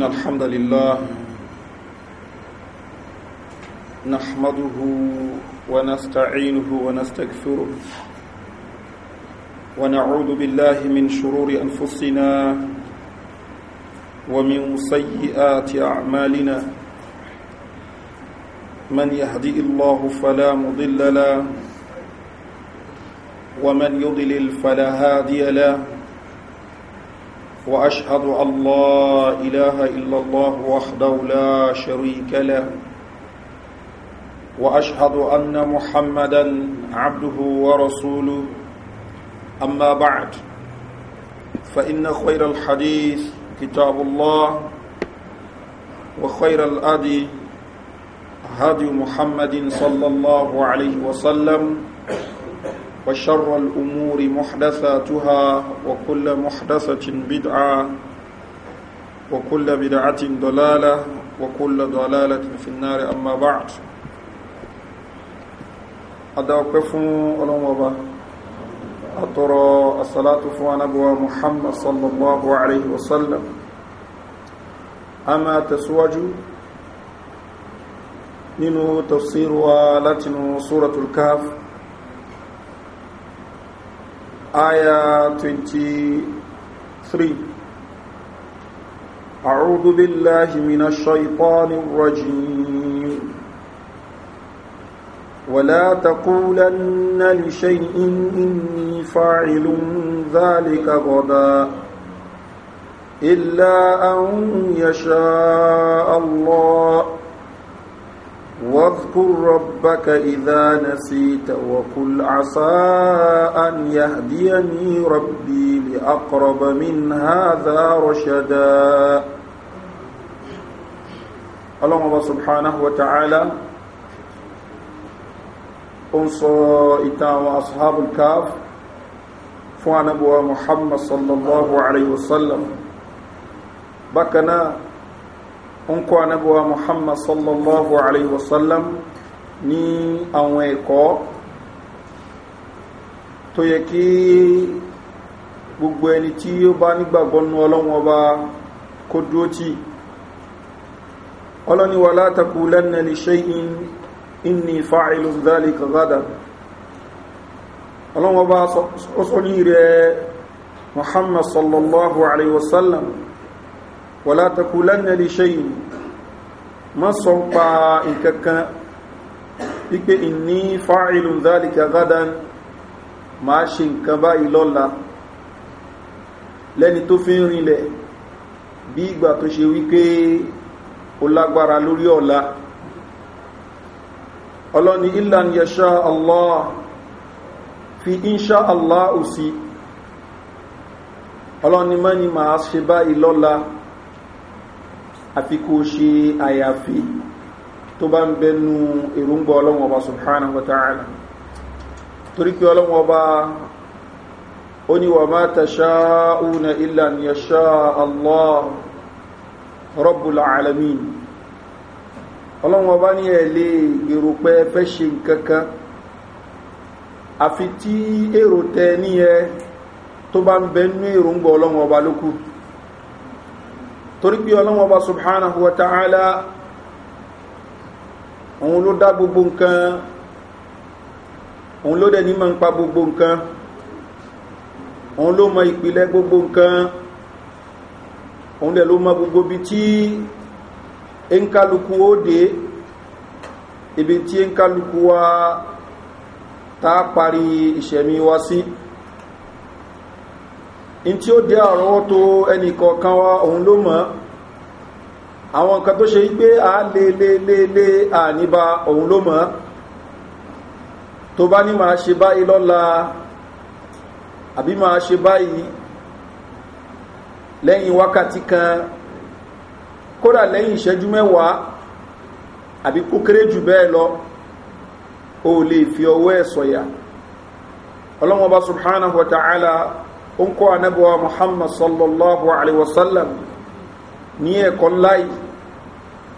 إن الحمد لله نحمده ونستعينه ونستغفره ونعوذ بالله من شرور أنفسنا ومن سيئات أعمالنا من يهدي الله فلا مضل له ومن يضلل فلا هادي له وأشهد أن لا إله إلا الله وحده لا شريك له وأشهد أن محمدا عبده ورسوله أما بعد فإن خير الحديث كتاب الله وخير الأدي هدي محمد صلى الله عليه وسلم وشر الأمور محدثاتها وكل محدثة بدعة وكل بدعة ضلالة وكل ضلالة في النار أما بعد أدعوكم ألم وبا أترى الصلاة فوانا بوا محمد صلى الله عليه وسلم أما تسوج ننو تفسير ولتن سورة الكهف 23 آية أعوذ بالله من الشيطان الرجيم ولا تقولن لشيء إني فاعل ذلك غدا إلا أن يشاء الله واذكر ربك إذا نسيت وقل عسى أن يهديني ربي لأقرب من هذا رشدا اللهم الله سبحانه وتعالى أنصى إتام أصحاب الكاف فوانبوا محمد صلى الله عليه وسلم بكنا ń kọ́ anábọ́wá muhammad sallallahu alayhi wa sallam ní àwọn ẹ̀kọ́ tó yẹ kí gbogbo ẹni tí ó bá nígbàgbọ́ nú ọlọ́run ọba kó dúró tí ọlọ́ni wà látàkù lẹ́nà lè ṣe inni fa'ilu zali kagada ọlọ́run ọba sọ́sọ́ ní muhammad sallallahu alaihi wasallam wà látàkù lẹ́nà lè ṣe yìí ma sọ pa nkankan wípé ìní fa'ilun dhalika gadan ma ṣe nkan báyìí lọ́la lẹ́ni tó fi ń rinlẹ̀ bí ìgbà tó ṣe wípé ó lágbára lórí ọ̀la ọlọ́ni ilan yasha allah fi insha allah òsì ọlọ́ni mọ́ ni ma ṣe báyìí lọ́la àfi kó ṣe àyàfi tó bá ń bẹnu èròǹgbà ọlọ́wọ́n ọba subhanahu wa ta'ala torí pé ọlọ́wọ́n ọba ó ní wà máa tasha'una illa an yasha Allah rabbul alamin ọlọ́wọ́n ọba ní ẹ̀ torí pé ọlọ́wọ́n ọba subhanahu wa ta'ala òun ló dá gbogbo nǹkan òun ló dẹ̀ ní ma ń pa gbogbo nǹkan òun ló mọ ìpìlẹ̀ gbogbo nǹkan òun dẹ̀ ló mọ gbogbo bí tí ẹnkálukú ó dé ibi tí ẹnkálukú wa tá parí ìṣẹ̀mí wa sí in tí ó dẹ́ àrọwọ́ tó ẹnìkọ̀ọ̀kan wa òun ló mọ̀ àwọn nǹkan tó ṣe wípé a lè lè lè lè àníbá òun ló mọ̀ tó bá ní máa ṣe báyìí lọ́la àbí máa ṣe báyìí lẹ́yìn wákàtí kan kódà lẹ́yìn ìṣẹ́jú mẹ́wàá àbí kó kéré jù bẹ́ẹ̀ lọ o lè fi ọwọ́ ẹ̀ sọ̀yà ọlọ́wọ́n bá subhanahu wa ta'ala ó ń kọ́ anábọ̀wá muhammad sallallahu alaihi wasallam ní ẹ̀kọ́ láì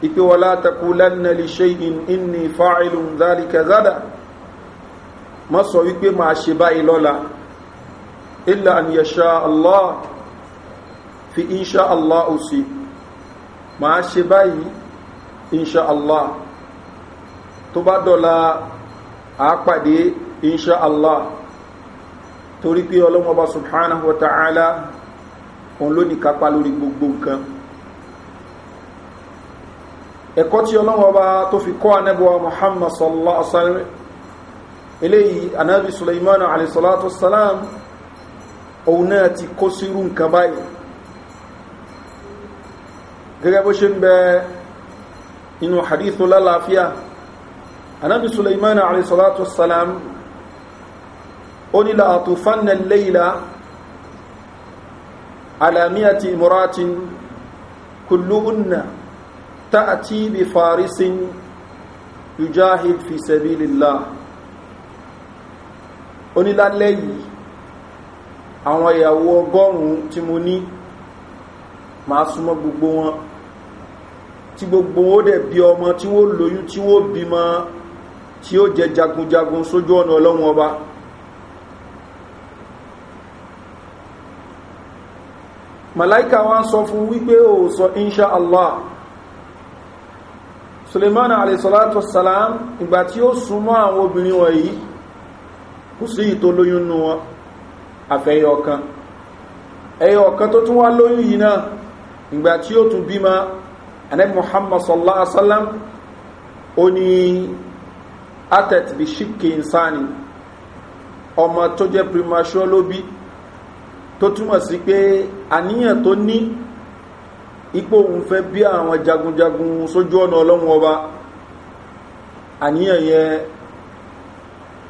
ipe wọlá takulanna lè ṣe in inni fa'ilun dhalika zada ma sọ wípé ma ṣe báyìí lọ́la illa an yasha allah fi insha allah usi ma ṣe báyìí insha allah tó bá dọ̀la àápàdé insha allah torí pé ọlọ́mọba subhanahu wa ta'ala òun ló ní kápá lórí gbogbo nǹkan ẹ̀kọ́ tí ọlọ́mọba tó fi kọ́ anẹ́bọ̀wà muhammad sallallahu alaihi wasallam eléyìí anábi suleiman alayhi salatu wasalam òun náà ti kó sírú nǹkan hadithu lálàáfíà anábi suleiman alayhi salatu wasalam onílà àtúfánà lẹ́yìnlá alamiyati muratin kulluhunna ta'ati bi farisin yujahid fi sabilillah onílà lẹ́yìn àwọn ìyàwó ọgọ́rùn-ún tí mo ní máa súnmọ́ gbogbo wọn tí gbogbo ó dẹ̀ bí ọmọ tí wó lóyún tí wó bímọ tí ó jẹ jagunjagun sójú ọ̀nà ọlọ́run ọba màláìkà wá ń sọ fún wípé ó sọ inṣà allah suleiman alayhisalatu salam ìgbà tí ó súnmọ́ àwọn obìnrin wọ̀nyí kò sí ìtò lóyún nù wọn àfẹ́yọ̀kan ẹyọ̀kan tó tún wá lóyún yìí náà ìgbà tí ó tún bímọ anẹ́bí muhammad sallallahu alaihi wasallam ó ní atet bishik insani ọmọ tó jẹ́ primature ló bí tó túmọ̀ sí pé àníyàn tó ní ipò òun fẹ́ bí àwọn jagunjagun sójú ọ̀nà ọlọ́run ọba àníyàn yẹn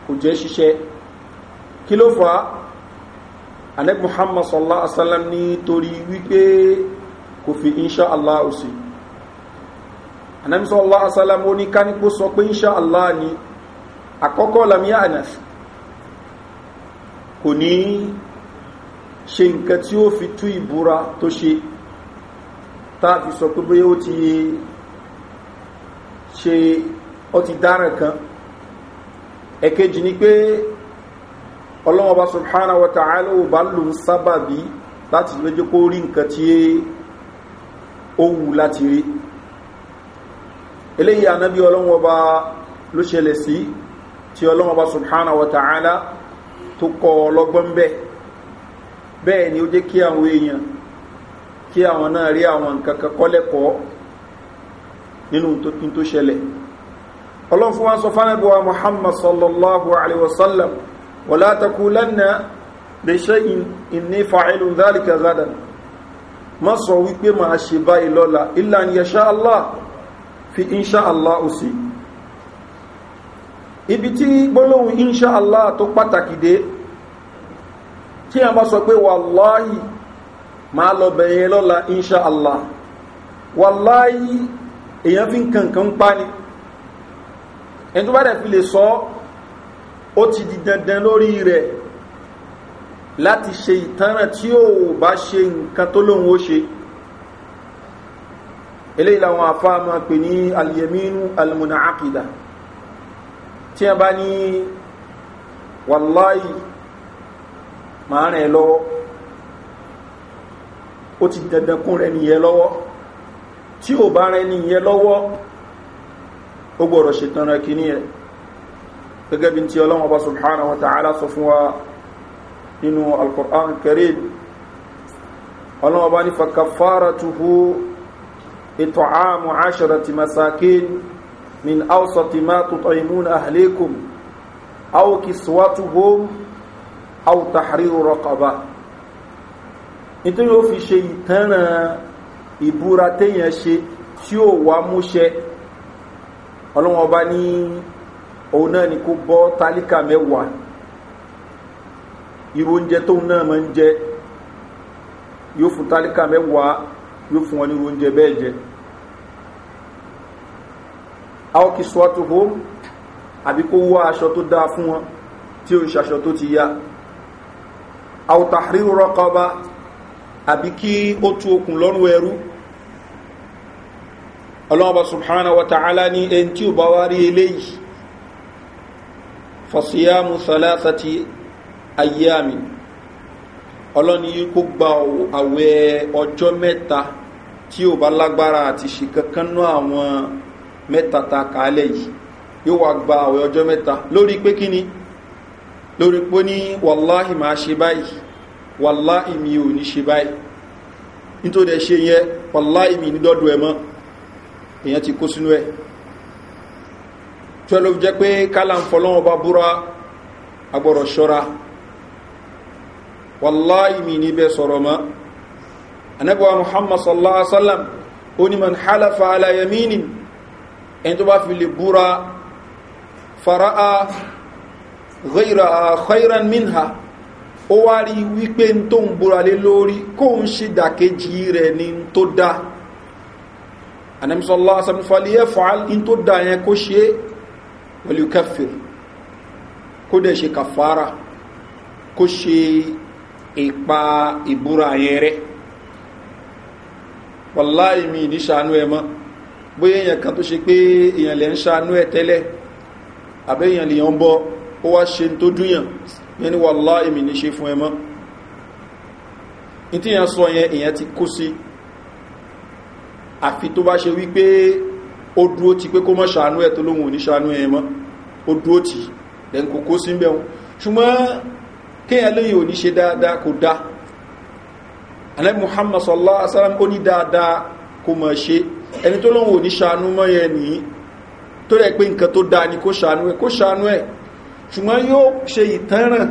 kò jẹ́ ṣiṣẹ́ kí ló fà á anẹ́bí muhammad sallá asálám ní torí wípé kò fi inṣá allah òsì anẹ́bí sallá asálám ó ní kánípò sọ pé inṣá allah ni àkọ́kọ́ lamíyà anas kò ní ṣe nǹkan tí ó fi tú ìbúra tó ṣe tàbí sọ pé bóyá ó ti ṣe ó ti dáràn kan ẹ̀kejì ni pé ọlọ́wọ́ba subhanahu wa ta'ala ò bá lò ń sábàbí láti lójú kó rí nǹkan tí ó wù láti rí eléyìí anábí ọlọ́wọ́ba ló ṣẹlẹ̀ sí tí ọlọ́wọ́ba subhanahu wa ta'ala tó kọ ọlọ́gbọ́n bẹ́ẹ̀ bẹ́ẹ̀ ni ó jẹ́ kí àwọn èèyàn kí àwọn náà rí àwọn nǹkan kan kọ́lẹ́kọ̀ọ́ nínú tó ṣẹlẹ̀ ọlọ́run fún wa sọ fánàbíwa muhammad sallallahu alaihi wasallam wà látakú lẹ́nà lè ṣe ìní fa'ilu zálika zadan ma sọ wípé ma a ṣe báyìí lọ́la ilá ni ya ṣáàlá fi inṣáàlá ò sí ibi tí gbólóhùn inṣáàlá tó pàtàkì dé kí a bá sọ pé wàláyì máa lọ bẹ̀yẹ lọ́la inṣàlá wàláyì èyàn fi ń kankan pa ni ẹni tó bá dẹ̀ fi lè sọ ó ti di dandan lórí rẹ̀ láti ṣe ìtanràn tí ó bá ṣe nǹkan tó lóun ó ṣe eléyìí làwọn afá pè ní aliyemínú almunakida tí a bá ní wàláyì máa rìn ẹ lọ́wọ́ ó ti dandan kún rẹ nìyẹn lọ́wọ́ tí ò bá rẹ nìyẹn lọ́wọ́ ó gbọ́dọ̀ ṣetán rẹ kìíní ẹ gẹ́gẹ́ bí ti ọlọ́wọ́ bá subhanahu wa ta'ala sọ fún wa nínú alkur'an kareem ọlọ́wọ́ bá ní fakafara tuhu ètò àmù àṣàrà ti masakin min ausati ma tutaimun ahlikum aw kiswatuhum aw tahriru raqaba nítorí ó fi ṣe ìtanràn ìbúra téèyàn ṣe tí ó wà múṣẹ ọlọ́wọ́n bá òun náà ni kó bọ́ tálíkà mẹ́wàá irú oúnjẹ tóun náà máa ń jẹ yóò fún tálíkà mẹ́wàá yóò fún wọn ní irú oúnjẹ bẹ́ẹ̀ jẹ aw kiswatuhum àbí kó wá aṣọ tó dáa fún wọn tí ó ń ṣaṣọ tó ti yá àwòtàrí rọ́kọba àbí kí ó tú okùn lọ́rùn ẹrú ọlọ́ọ̀bá subhanahu wa ta'ala ní ẹni tí ó bá wá rí eléyìí fasiyamu salasati ayyami ọlọ́ni kó gba àwẹ̀ ọjọ́ mẹ́ta tí ó bá lágbára àti ṣe kankanú àwọn mẹ́ta ta kàálẹ̀ yìí yóò wá gba àwẹ̀ ọjọ́ mẹ́ta lórí pé kí ni lórí pé ní wàláhì máa ṣe báyìí wàláhì mi ò ní ṣe báyìí nítorí ẹ ṣe yẹ wàláhì mi ní dọ́dọ̀ ẹ mọ́ èèyàn ti kó sínú ẹ tí ó ló fi jẹ́ pé kálá ń fọlọ́wọ́ bá búra agbọ́rọ̀ ṣọ́ra wàláhì mi ní bẹ́ sọ̀rọ̀ mọ́ anábíwá muhammad sallallahu alaihi wasallam ó halafa alayamini ẹni tó bá fi lè búra fara'a khairan minha ó wá rí wípé n tó ń búra lé lórí kóun ṣe dàkejì rẹ̀ ni tó dá anamisọ́lá asanufaliyẹ fàál ní tó dá yẹn kó ṣe wọlé kẹfì kó dẹ̀ ṣe kàfàárà kó ṣe ipa ìbúra yẹn rẹ̀ wàláì mi ní ṣàánú ẹ mọ́ bóyá èèyàn kan tó ṣe pé èèyàn lè ń ṣàánú ẹ tẹ́lẹ̀ àbẹ́yàn lè yàn ń bọ́ ó wá ṣe tó dúyàn yẹn ni wàlá èmì ní ṣe fún ẹmọ́ ìtí yẹn sọ yẹn èyàn ti kó sí àfi tó bá ṣe wípé ó dúó ti pé kó mọ́ ṣàánú ẹ̀ tó lóhun òní ṣàánú ẹ̀ ó dúó ti lẹ́n kò kó sí ń bẹ̀wọ̀n ṣùgbọ́n kéèyàn lóyìn òní ṣe dáadáa kò dá alẹ́ muhammad sallá asáram ó ní dáadáa kò mọ̀ ṣe ẹni tó lóhun òní ṣàánú mọ́ yẹn nìyí tó rẹ̀ pé nǹkan tó dáa ni kó ṣàánú ẹ̀ kó ṣàánú ẹ̀ ṣùgbọ́n yóò ṣe ìtẹ́ràn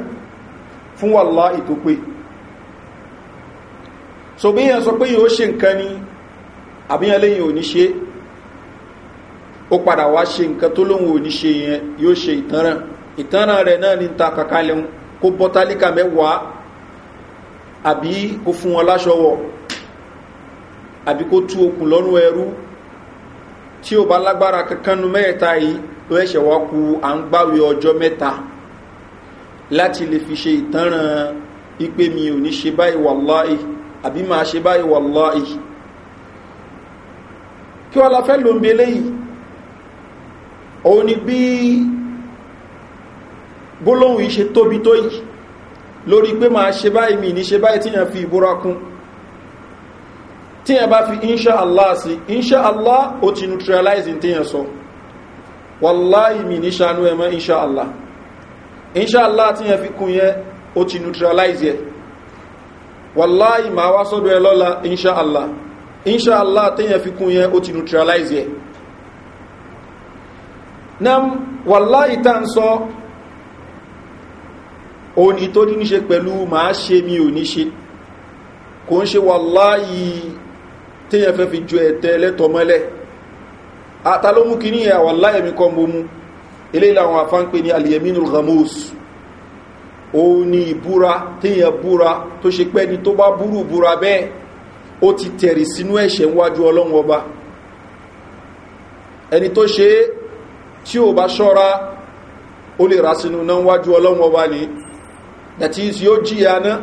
fún wàlá ìtópé so bí yẹn sọ pé yóò ṣe nǹkan ni àbíyàn lẹ́yìn òní ṣe ó padà wá ṣe nǹkan tó lóhun òní ṣe yẹn yóò ṣe ìtẹ́ràn ìtẹ́ràn rẹ̀ náà ní ta kàkà kó bọ́ tálíkà mẹ́wàá àbí kó fún wọn àbí kó tí ó bá lágbára kankan nu mẹ́ta yìí ló ẹ̀ṣẹ̀ wá ku à ń gbáwé ọjọ́ mẹ́ta láti lè fi ṣe ìtanràn ipe mi ò ní ṣe báyìí wàláì àbí máa ṣe báyìí wàláì kí wọ́n la fẹ́ ló ń bi òun ni bí gbólóhùn yìí ṣe tóbi tó yìí lórí pé máa ṣe báyìí mi ní ṣe báyìí tíyàn fi ìbúra kún tí ẹ bá fi insha allah sí insha allah o ti neutralizing tí yẹn sọ wallahi mi ní ṣanú ẹmọ insha allah insha allah tí yẹn fi kún yẹn ó ti neutralize yẹ wallahi ma wá sọ́dọ̀ ẹ lọ́la insha allah insha allah tí yẹn fi kún yẹn ó ti neutralize yẹ nam wàláì tá ń sọ òní tó ní ṣe pẹ̀lú màá ṣe mi ò ní ṣe kò ń ṣe wàláì téèyàn fẹ́ fi ju ẹ̀tẹ́ ẹlẹ́tọ̀ mọ́lẹ̀ ata ló mú kíní ẹ̀ wà láyẹ̀mí kan bó mú eléyìí làwọn afán pé ní aliyemínú ramos òun ni ìbúra téèyàn búra tó ṣe pẹ́ ni tó bá búrú búra bẹ́ẹ̀ ó ti tẹ̀rì sínú ẹ̀ṣẹ̀ wájú ọlọ́run ọba that is yóò jìyà náà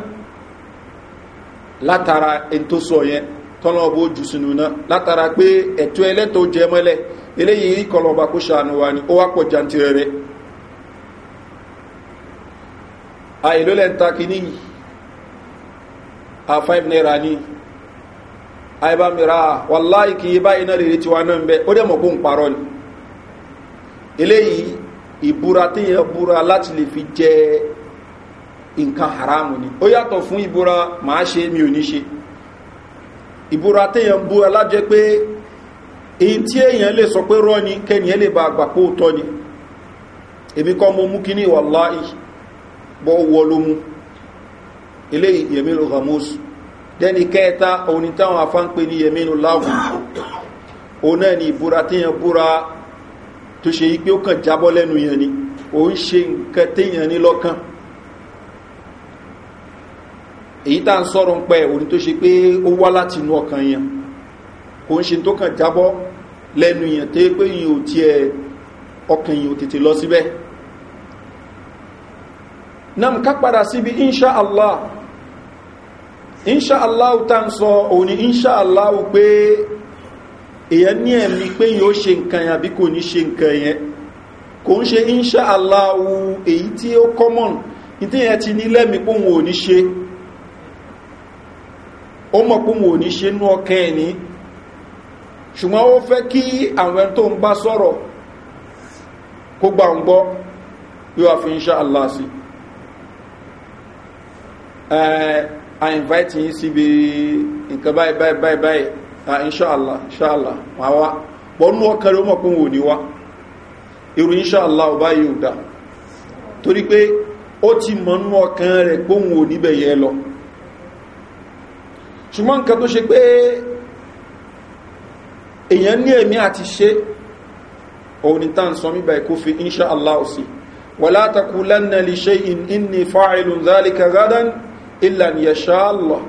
látara ẹni sọ yẹn tọ́lọ́bù ojú sínú náà látara pé ẹ̀tọ́ ẹlẹ́tọ́ jẹ mọ́lẹ̀ eléyìí kọlọ̀ọ̀bà kó ṣàánú wa ni ó wá pọ̀ rẹ̀ àìlólẹ̀ ń a 5 naira ní àìbá mìíràn wàláì kìí bá iná rèé tiwa náà ń bẹ ó dẹ̀ mọ̀ kó ń parọ́ ni eléyìí ìbúra ni ó yàtọ̀ fún ìbúra màá ṣe mi ìbúra téèyàn bú alájẹ́ pé èyí tí èèyàn lè sọ pé rọ́ ni kẹ́niyàn lè bá àgbà pé ó tọ́ ni èmi kọ́ mo mú kí ní ìwà láì bọ́ wọ́ ló mú eléyìí yẹ̀mínú hamosu dẹ́ni kẹta òun ni táwọn afá ń pè ní yẹ̀mínú láwù òun náà ni ìbúra téèyàn búra tó ṣe yí pé ó kàn jábọ́ lẹ́nu yẹn ni òun ṣe nǹkan téèyàn ní lọ́kàn èyí tá à ń sọ̀rọ̀ ń pẹ́ òní tó ṣe pé ó wá láti inú ọkàn yẹn kò ń ṣe tó kàn jábọ́ lẹ́nu yẹn tó pé yìí ò tiẹ̀ ọkàn yìí ò tètè lọ síbẹ̀ nam ká padà síbi insha allah insha allah tá à ń sọ òní insha allah pé èyàn ní ẹ̀mí pé yìí ó ṣe nǹkan yẹn àbí kò ní ṣe nǹkan yẹn kò ń ṣe insha allah èyí ti ní lẹ́mí pé òun ò ní ó mọ̀ pé wọn ò ní ṣe nú ọkẹ́ ẹ̀ ní ṣùgbọ́n ó fẹ́ kí àwọn ẹni tó ń bá kó gbà fi ń ṣá aláàsì síbi nǹkan báyìí báyìí báyìí ní wá ọba dá torí pé ó ti mọ̀ rẹ̀ ò lọ ṣùgbọ́n nǹkan tó ṣe pé èyàn ní ẹ̀mí àti ṣe òun ni tá ń sọ mígbà ẹ̀kó fi inṣá aláwọ̀ sí wà látàkù lẹ́nà lè ṣe inni fa'ilun zalika gadan ilan ya ṣáàlọ̀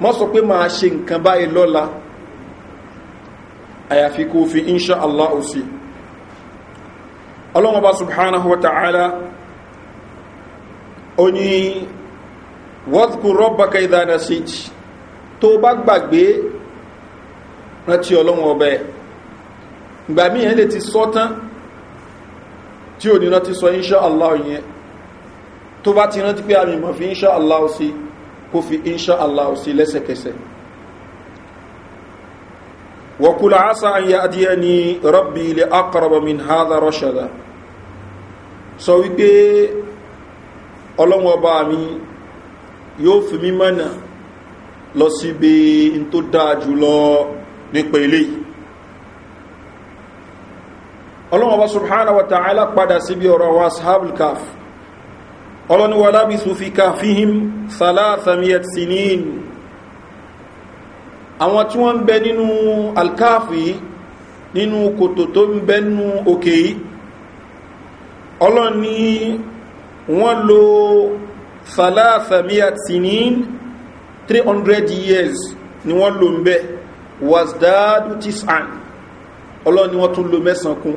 mọ́ sọ pé máa ṣe nǹkan báyìí lọ́la àyàfi kó fi inṣá aláwọ̀ sí ọlọ́mọba subhanahu wa ta'ala oní wọ́n kú rọ́bà ìdánasíjì tó bá gbàgbé rántí ọlọ́run ọba ẹ̀ ìgbà míì yẹn lè ti sọ tán tí ò ní rántí sọ inṣọ́ aláwọ̀ yẹn tó bá ti rántí pé àmì ìmọ̀ fi inṣọ́ aláwọ̀ sí kó fi inṣọ́ aláwọ̀ sí lẹ́sẹ̀kẹsẹ̀ وقل عسى أن يأتيني ربي لأقرب من هذا رشدا sọ wípé ọlọ́wọ́ bá mi yóò fi mí mọ́nà lọ síbi tó dáa jùlọ nípa eléyìí ọlọ́wọ́n bá subhanahu wa ta'ala padà síbi ọ̀rọ̀ wa ashabul kaf ọlọ́ni wa lábìsù fi káfíhìm sàlátàmíyàt sinin àwọn tí wọ́n ń bẹ nínú alkáfì nínú kòtò tó ń bẹ nínú òkè yìí ọlọ́ni wọ́n lo sàlátàmíyàt sinin three hundred years ni wọ́n lò ń bẹ́ wasdadu tisan ọlọ́run ni wọ́n tún lò mẹ́sàn-án kún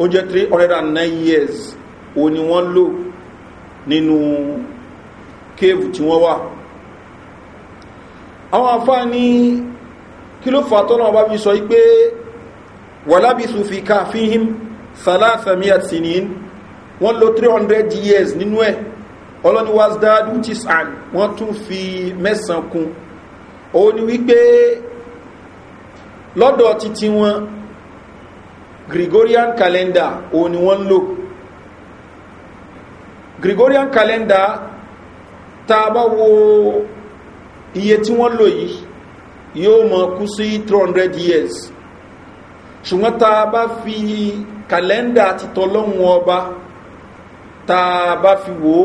ó jẹ́ three hundred and nine years òun ni wọ́n lò nínú kéèvù tí wọ́n wà àwọn afáà ní kí ló fà tọ́nà ọba bí sọ wípé wàlábìsù fi káfíhìm sàlásàmíyà sinin wọ́n lò three hundred years nínú ẹ̀ ọlọ́ni wasdadu tisan wọ́n tún fi mẹ́sàn kún òun ni wípé lọ́dọ̀ títí wọn gregorian calendar òun ni wọ́n lò gregorian calendar tá bá wo iye tí wọ́n lò yìí yóò mọ kú sí 300 years ṣùgbọ́n tá bá fi calendar títọ́ lọ́hùn ọba tá bá fi wò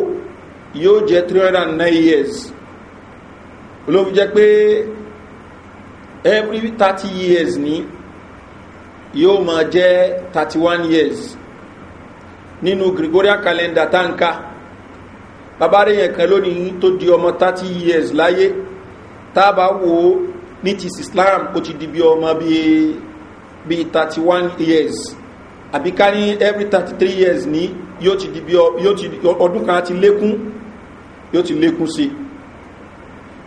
yóò jẹ́ 309 years ló fi pé every 30 years ní yóò ma jẹ́ 31 years nínú gregorian calendar tanka babare yẹn kan lónìí tó di ọmọ 30 years láyé tábà wo ní ti islam ó ti di bí ọmọ bíi bíi 31 years àbíká ní every 33 years ní yóò ti di bí ọdún kan ti lékún yóò ti lékún sí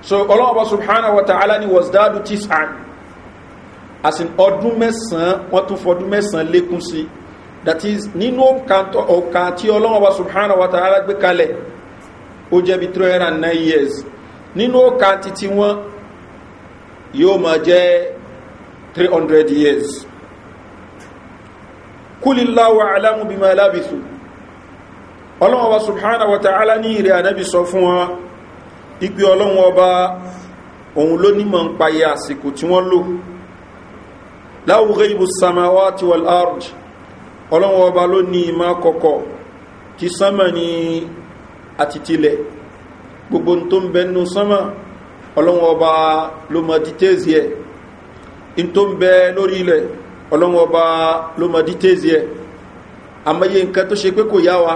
so ọlọ́wọ́ba subhanahu wa ta'ala ni wasdadu tis'an asin ọdún mẹ́sàn-án wọ́n tún fọdún mẹ́sàn-án lékún sí that is nínú ọ̀ka tí ọlọ́wọ́ba subhanahu wa ta'ala gbé kalẹ̀ ó jẹ́ bí 309 years nínú ọ̀ka títí wọn yóò máa jẹ́ 300 years kúlìláwà alámúbìmọ̀ alábìsùn ọlọ́wọ́n wa subhanahu wa ta'ala ní ìrẹ́ ànábì sọ fún wọn ipi ọlọ́wọ́n ọba òun ló nímọ̀ ń payẹ àsìkò tí wọ́n lò láwùrẹ́ ibù samawa ti wọ́n arj ọlọ́wọ́n ọba ló ní ìmọ̀ kọ̀kọ̀ ti sánmà ní àtìtìlẹ̀ gbogbo tó ń bẹnu sánmà ọlọ́wọ́n ọba ló mọ̀ dítẹ́sì ẹ̀ in tó ń bẹ lórí ilẹ̀ ọlọ́wọ́n ọba ló mọ̀ dítẹ́sì ẹ̀ àmọ́yé nǹkan tó ṣe pé kò yá wa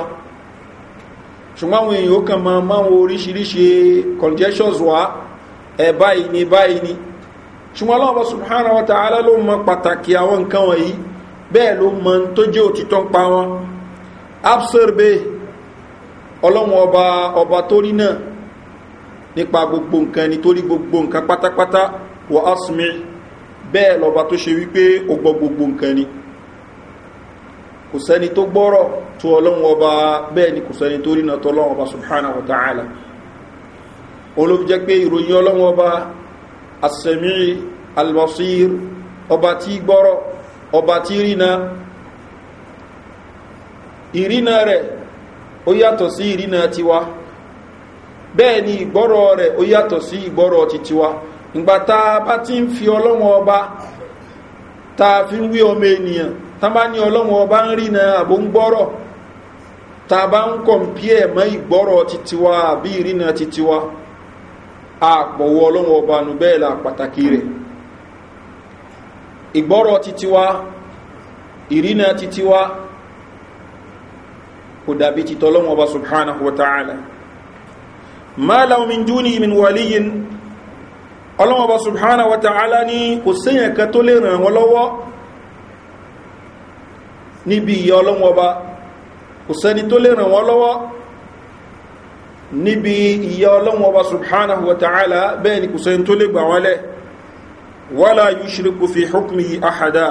ṣùgbọ́n àwọn èèyàn ó kàn máa máa wo oríṣiríṣi congestions wá ẹ̀ báyìí ni báyìí ni ṣùgbọ́n aláwọ̀ subhanahu wa ta'ala ló mọ pàtàkì àwọn nǹkan wọ̀nyí bẹ́ẹ̀ ló mọ tó jẹ́ òtítọ́ ń pa wọn absorbe ọlọ́run ọba ọba torí náà nípa gbogbo nǹkan ni torí gbogbo nǹkan pátápátá wọ asmi bẹ́ẹ̀ lọba tó ṣe wípé ó gbọ́ gbogbo nǹkan ni. kò sẹ́ni tó gbọ́rọ̀ tó ọlọ́run ọba bẹ́ẹ̀ ni kò sẹ́ni tó rínà tó ọba subhanahu ala. ta'ala olóbi pé ìròyìn ọba asẹ̀mí albasir ọba tí gbọ́rọ̀ ọba tí rínà ìrínà rẹ̀ ó yàtọ̀ sí tiwa bẹ́ẹ̀ ni ìgbọ́rọ̀ rẹ̀ ó yàtọ̀ sí ìgbọ́rọ̀ ti tiwa ìgbà tá a bá ti ń fi ọba ta fi tán bá ní ọlọ́run ọba ń rìnà àbò ń gbọ́rọ̀ tá a bá ń kọ̀m̀pí ẹ̀ mọ́ ìgbọ́rọ̀ titiwa àbí ìrìnà titiwa àpọ̀wọ́ ọlọ́run ọba nù bẹ́ẹ̀ la pàtàkì rẹ̀ ìgbọ́rọ̀ titiwa ìrìnà titiwa kò dàbí titọ́ ọlọ́run ọba níbi ìyá ọlọ́wọ́n ọba kò sẹ́ni tó lè ràn wọ́n lọ́wọ́ níbi ìyá ọlọ́wọ́n ọba subhanahu wa ta'ala bẹ́ẹ̀ ni kò sẹ́ni tó lè gbà wọ́n lẹ̀ wọ́lá yìí ṣe kò fi hukumi àhàdá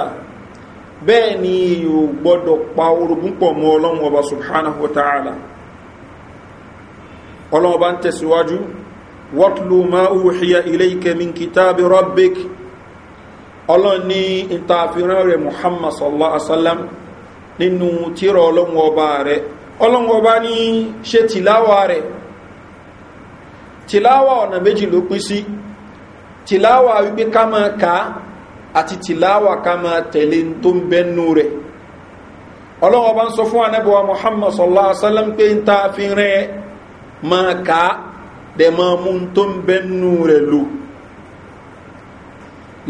bẹ́ẹ̀ ni yóò gbọ́dọ̀ pa orogún pọ̀ mọ́ ọlọ́wọ́n ọba subhanahu wa ta'ala ọlọ́wọ́n ń tẹ̀síwájú wọ́tlù máa nínú tíra ọlọ́run ọba rẹ̀ ọlọ́run ọba ní ṣe tìláwà rẹ̀ tìláwà ọ̀nà méjì ló pín sí tìláwà wípé ká máa kà á àti tìláwà ká máa tẹ̀lé tó ń bẹ́nu rẹ̀ ọlọ́run ọba ń sọ fún anábọ̀wá muhammad sallallahu alaihi wa sallam pé ń ta fi rẹ̀ máa kà dẹ̀ máa mú tó ń bẹ́nu rẹ̀ lò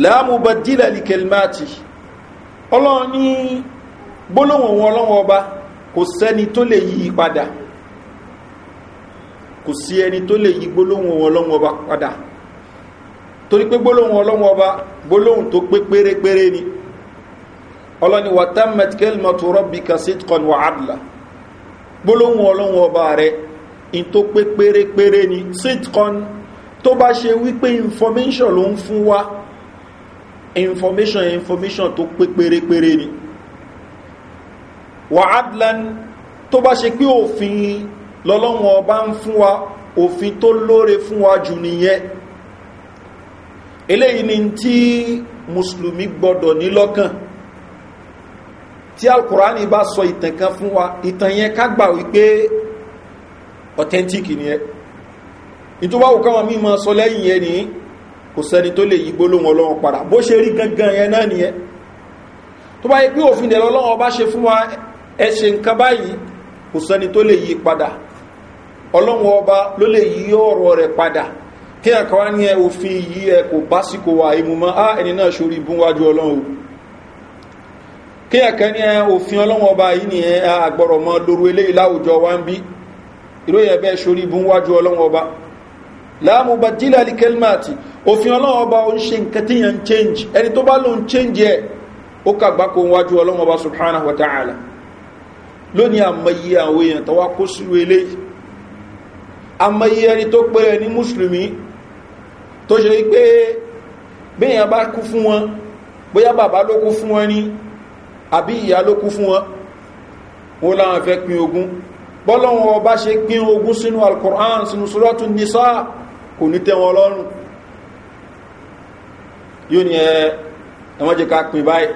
láàmú bá dílà lìkẹ̀lmáàtì ọlọ́run ní gbólóhùn wọn ọlọ́wọ́ ọba kò sẹ́ni tó lè yí padà kò sí ẹni tó lè yí gbólóhùn wọn ọlọ́wọ́ ọba padà torí pé gbólóhùn ọlọ́wọ́ ọba gbólóhùn tó pé pérépéré ni ọlọ́ni wàtámẹ́t kẹ́lmọ̀tò rọ́bì kàṣítkọ́n wà ádùlá gbólóhùn ọlọ́wọ́ ọba rẹ̀ in tó pé pérépéré ni sítkọ́n tó bá ṣe wípé information ló ń fún wa information information tó pé pérépéré ni wà adlan tó bá ṣe pé òfin lọ́lọ́wọ́n ọba ń fún wa òfin tó lóore fún wa jù nìyẹn eléyìí ni tí mùsùlùmí gbọdọ̀ ní lọ́kàn tí alkùránì bá sọ ìtàn kan fún wa ìtàn yẹn ká gbà wípé authentic ni ẹ ìtúbáwò káwọn mímọ sọ lẹ́yìn yẹn ni kò sẹ́ni tó lè yí gbólóhùn ọlọ́run padà bó ṣe rí gangan yẹn náà nìyẹn tó bá yẹ pé òfin dẹ̀lọ́lọ́run ọba ṣe fún wa ẹ ṣe nǹkan báyìí kò sẹ́ni tó lè yí padà ọlọ́run ọba ló lè yí ọ̀rọ̀ rẹ̀ padà kí ẹ̀kọ́ wá ní ẹ òfin yí ẹ kò bá síkò wà ìmúmọ́ á ẹni náà ṣorí bún wájú ọlọ́run kí òfin ọlọ́run ọba yìí ń ṣe nǹkan tí change ẹni tó bá lóun change ó kàgbákò wájú ọlọ́run lónìí àmọye àwọn èèyàn tó wá kó sírú ilé àmọye ẹni tó pé ẹni mùsùlùmí tó ṣe wípé béèyàn bá kú fún wọn bóyá bàbá ló kú fún wọn ní àbí ìyá ló kú fún wọn wọ́n láwọn fẹ́ pín ogún bọ́lọ́wọ́ ọba ṣe pín ogún sínú alkùnrán sínú sọ́rọ́tù nìsá kò ní tẹ́wọn lọ́rùn yóò ní ẹ ẹwọ́n jẹ́ ká pín báyìí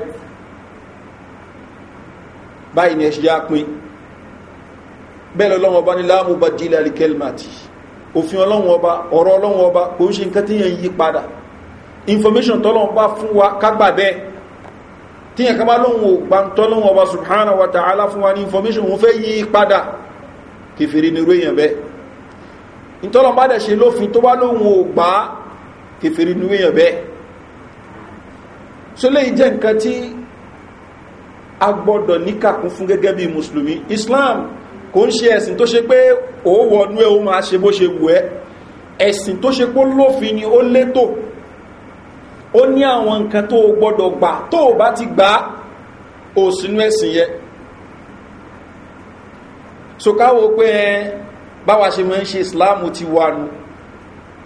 báyìí ni ẹ ṣe yá pin bẹ́ẹ̀ lọ́wọ́ ọba ní láàmú bá jílẹ̀ alikẹ́lmàtì òfin ọlọ́wọ́ ọba ọ̀rọ̀ ọlọ́wọ́ ọba kò ń ṣe nǹkan tí yẹn yí padà information tọ́lọ́wọ́ bá fún wa kágbà bẹ́ẹ̀ tí yẹn kábá lóhun ò gbá ọba subhanahu wa ta'ala fún wa ní information òun fẹ́ yí padà kẹfìrí ni ró èèyàn bẹ́ẹ̀ ìtọ́lọ́wọ́ bá dẹ̀ ṣe lófin tó bá lóhun ò gbá ni ró bẹ́ẹ̀ a gbọ́dọ̀ níkàkún fún gẹ́gẹ́ bí mùsùlùmí islam kò ń ṣe ẹ̀sìn tó ṣe pé ó wọnú ẹ ó máa ṣe bó ṣe wù ẹ́ ẹ̀sìn tó ṣe pé lófin ni ó létò ó ní àwọn nǹkan tó gbọ́dọ̀ gbà tó bá ti gbà ó sínú ẹ̀sìn yẹ so káwọ́ pé báwa ṣe mọ́ ń ṣe islamu ti wà nù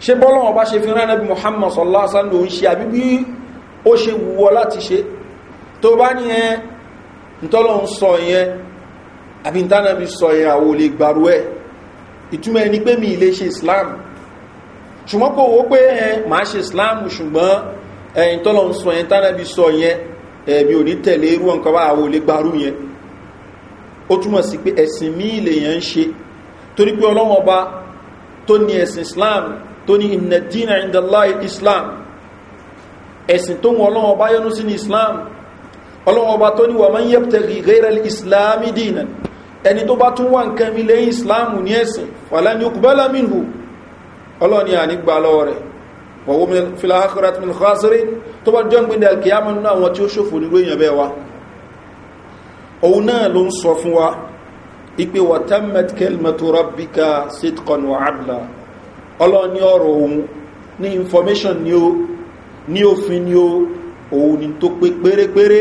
ṣe bọ́lọ́wọ́ bá ṣe fi rán ẹbí muhammad sallallahu alaihi wasallam ló ń ṣe àbí bí ó ṣe wùwọ́ láti ṣe tó bá ní ẹ ntọ́lọ́ ń sọ yẹn àbí ntánà bí sọ yẹn àwọn olè gbàrú ẹ̀ ìtumẹ̀ ní pé mi ilé ṣe islam ṣùgbọ́n kò wó pé ẹ máa ṣe islam ṣùgbọ́n ẹ̀yìn tọ́lọ́ ń sọ yẹn ntánà bí sọ yẹn ẹ̀mí ò ní tẹ̀lé irú ọ̀nkan wá àwọn olè gbàrú yẹn ó túmọ̀ sí pé ẹ̀sìn mí ilé yẹn ń ṣe torí pé ọlọ́wọ́n tó ní ẹ̀sìn islam tó ní ìnàdínà ìdàlá islam ẹ̀sìn tó wọn ọlọ́wọ́n ọba yẹnu sí ní islam ọlọ́wọ́ ọba tó ní wà máa ń yẹ́pẹ̀tẹ̀gì gẹ́rẹ́ ìsìláàmì dìínà ẹni tó bá tún wà nǹkan mi lẹ́yìn ìsìláàmù ní ẹ̀sìn wàlá ní okùnbẹ́lá mìíràn ọlọ́ni ànígbà lọ́wọ́ rẹ̀ wọ̀wọ́ filahakurat milkhasiri tó bá jọ́ gbìndẹ̀ alkiyama nínú àwọn tí ó ṣòfò nílò èèyàn bẹ́ẹ̀ wa òun náà ló ń sọ fún wa ipe ni òfin ni ó òun ni tó pé pérépéré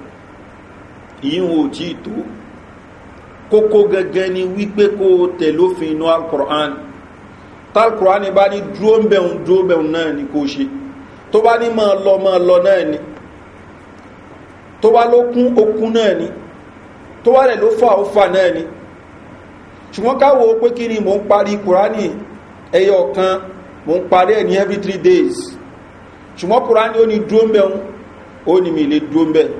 ìyíwò tí tó kókó gẹ́gẹ́ ni wípé kó tẹ̀lófin inú alkùrán tálkùrán bá ní dúró ń bẹ̀rún dúró bẹ̀rún náà ni kó ṣe tó bá ní máa lọ máa lọ náà ni tó bá ló kún okun náà ni tó wá rẹ̀ ló fà ó fà náà ni ṣùgbọ́n káwo pé kí ni mò ń parí kùránì ẹyọ kan mò ń parí ẹ̀ ní every three days ṣùgbọ́n kùránì ó ní dúró ń bẹ̀rún ó ní mi lè dúró ń bẹ̀rún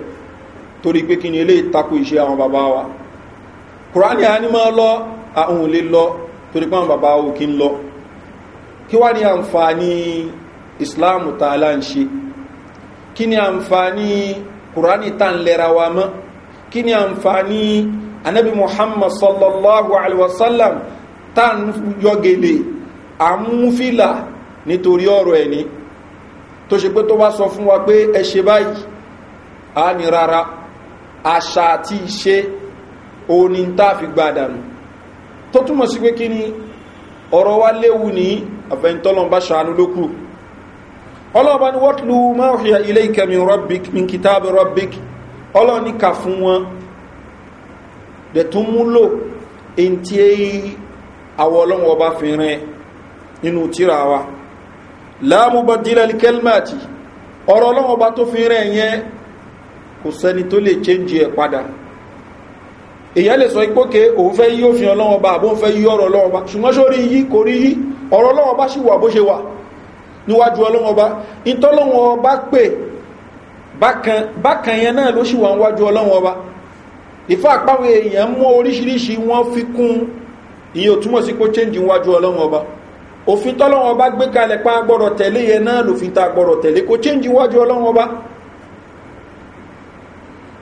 torí pé kí ni ilé ìtakò iṣẹ́ àwọn bàbá wa kùránì a ní máa lọ àwọn olè lọ torí pé àwọn bàbá wo kí ń lọ kí wá ní àǹfààní islam tààlà ń ṣe kí ni àǹfààní kùránì tàn wa mọ́ kí ni àǹfààní anabi muhammad sallallahu alaihi wasallam tàn yọgele àmúfìlà nítorí ọ̀rọ̀ ẹni tó ṣe pé tó bá sọ fún wa pé ẹ ṣe báyìí a ní rárá àṣà àti ìṣe òun ni tá fi gba àdànù tó túmọ̀ sí pé kí ni ọ̀rọ̀ wa léwu ní àfẹ́ntọ́lọ́mbà ṣàánú ló kù ọlọ́ọ̀bá ni wọ́n lu máwùhìyà ilé ìkẹmi rọ́bìk ní kìtàbí rọ́bìk ọlọ́ọ̀ni fún wọn dẹ̀ tó múlò èyí tí àwọ̀ ọlọ́wọ́ bá fi rìn nínú tíra wa láàmú bá dílẹ̀ kẹlmẹ́tì ọ̀rọ̀ ọlọ́wọ́ bá tó fi rìn yẹn kò sẹ́ni tó lè change ẹ̀ padà èyàn lè sọ ipókè òun fẹ́ yí òfin ọlọ́wọ́ bá àbọ́n fẹ́ yí ọ̀rọ̀ ọlọ́wọ́ bá ṣùgbọ́n ṣórí yí kò rí yí ọ̀rọ̀ ọlọ́wọ́ bá sì wà bó ṣe wà níwájú ọlọ́wọ́ bá ìtọ́lọ́wọ́ bá pè bákan yẹn òfin tọ́lọ́wọ́ bá gbé kalẹ̀ pa gbọ́dọ̀ tẹ̀lé yẹn náà lòfin ta gbọ́dọ̀ tẹ̀lé kò change níwájú ọlọ́wọ́ bá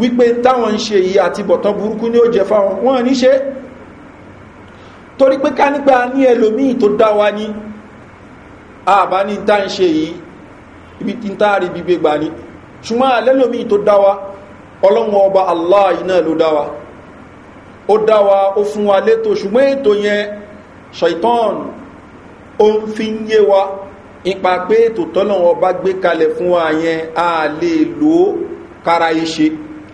wípé táwọn ń ṣe yìí àti bọ̀tán burúkú ní ó jẹ fáwọn wọ́n ní ṣe torí pé ká nípa ní ẹlòmíì tó dá wa ní àbá ní tá ń ṣe yìí ibi tí ń ní ṣùgbọ́n àlẹ́lòmíì tó dá wa ọlọ́run ọba aláàyí náà ló dá wa ó dá wa ó fún wa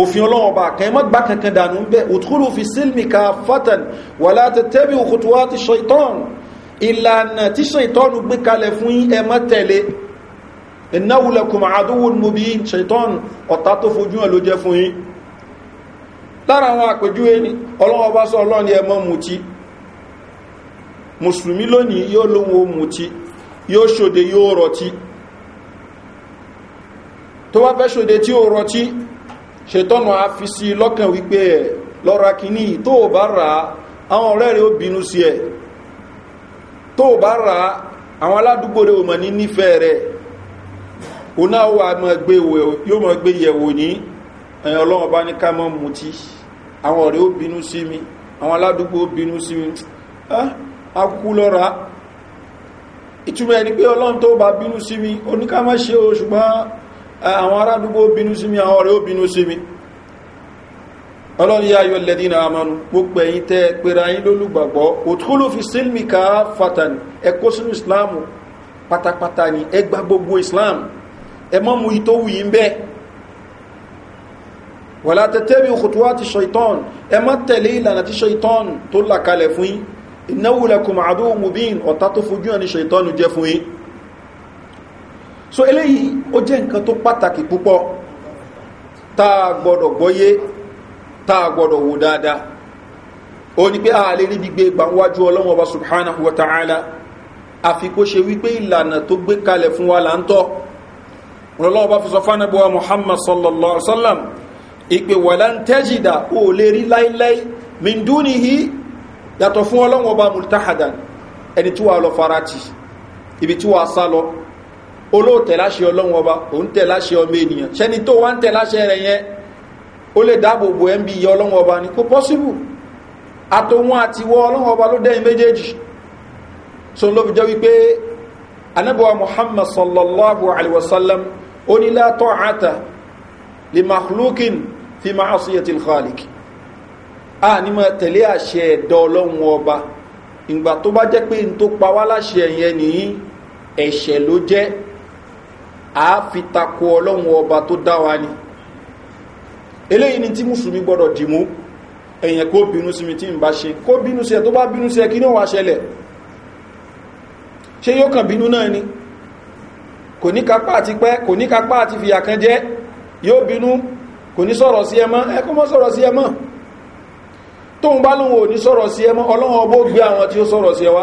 òfin ọlọ́wọ́ bá kẹ́ mọ́ gbá kankan dànù bẹ́ òtúrù fi sílmì ka fatan wà láti tẹ́bí òkútu wá ti ṣaitán ìlànà tí ṣaitán gbé kalẹ̀ fún ẹ mọ́ tẹ̀lé ìnáwó lẹ́kùn àdúwò mubí ṣaitán ọ̀tá tó fojú ẹ̀ ló jẹ́ fún yín lára àwọn àpèjúwe ni ọlọ́wọ́ bá sọ ọlọ́ni ẹ mọ́ mutí mùsùlùmí lónìí yóò lóhun mutí yóò ṣòde yóò rọtí tó wá fẹ́ ṣòde tí ó rọtí ṣètọ́nù a fi sí lọ́kàn wípé ẹ̀ lọ́ra kìíní tó o bá ra àwọn ọ̀rẹ́ rẹ̀ ó bínú sí ẹ̀ tó o bá ra àwọn aládùúgbò rẹ̀ ò ní nífẹ̀ẹ́ rẹ̀ o náà mi àwọn aládùúgbò ó bínú mi akúkú lọ́ra ìtumọ̀ ẹni pé ọlọ́run tó bá bínú sí mi oníká má ṣe o àwọn ará dúgbò bínú sí mi àwọn ọ̀rẹ́ ó bínú sí mi ọlọ́ni yá yọ lẹ́dínà àmọ́nu gbogbo ẹ̀yìn tẹ́ pèrè ayín lólùgbàgbọ́ òtúlù fi sílmì ká fàtàn ẹ̀kọ́ sínú islam pátápátá ni ẹgbà gbogbo islam ẹ mọ́ mu ìtòwù yìí ń bẹ́ wàlá tẹ́tẹ́ bí òkùtùwà so eléyìí ó jẹ́ nǹkan tó pàtàkì púpọ̀ táa gbọ́dọ̀ gbọ́yé táa gbọ́dọ̀ wò dáadáa ó ní pé ààlè rí gbígbé gbàwájú ọlọ́wọ́ ọba subhanahu wa ta'ala àfi kó ṣe wípé ìlànà tó gbé kalẹ̀ fún wa là ń tọ́ ọlọ́wọ́ bá fi sọ fánàbọ̀ muhammad sallallahu alaihi wasallam ìpè wàlá ń tẹ́jìdà ó lè olóòtẹ̀ láṣẹ ọlọ́run ọba òun tẹ̀ láṣẹ ọmọ ènìyàn ṣẹni tó wá ń tẹ̀ láṣẹ rẹ̀ yẹn ó lè dáàbòbò ẹ̀ ń bí iye ọlọ́run ọba ní kó pọ́síbù àtòun àti wọ ọlọ́run ọba ló dẹ́yìn méjèèjì so ló fi jẹ́ wípé anábọ̀wá muhammad sallallahu alaihi wasallam ó ní látọ̀ àtà lè mahlukin fi máa sọ khalik a ní máa tẹ̀lé àṣẹ ẹ̀dọ́ ọlọ́run ọba ìgbà tó bá jẹ́ pé n tó pa wá láṣẹ yẹn nìyí ẹ̀ṣẹ̀ ló jẹ́ a fi takò ọlọ́run ọba tó dá wa ni eléyìí ni tí mùsùlùmí gbọ́dọ̀ dìmú èyàn kó bínú sí mi tí ń bá ṣe kó bínú sí ẹ tó bá bínú sí ẹ kí ní wà ṣẹlẹ̀ ṣe yóò kàn bínú náà ni kò ní kapá àti pẹ́ kò ní kapá àti fìyà kan jẹ́ yóò bínú kò ní sọ̀rọ̀ sí ẹmọ́ ẹ kó mọ́ sọ̀rọ̀ sí ẹmọ́ tóun bá lóun ò ní sọ̀rọ̀ sí ẹmọ́ ọlọ́run ọbó gbé àwọn tí ó sọ̀rọ̀ sí ẹwà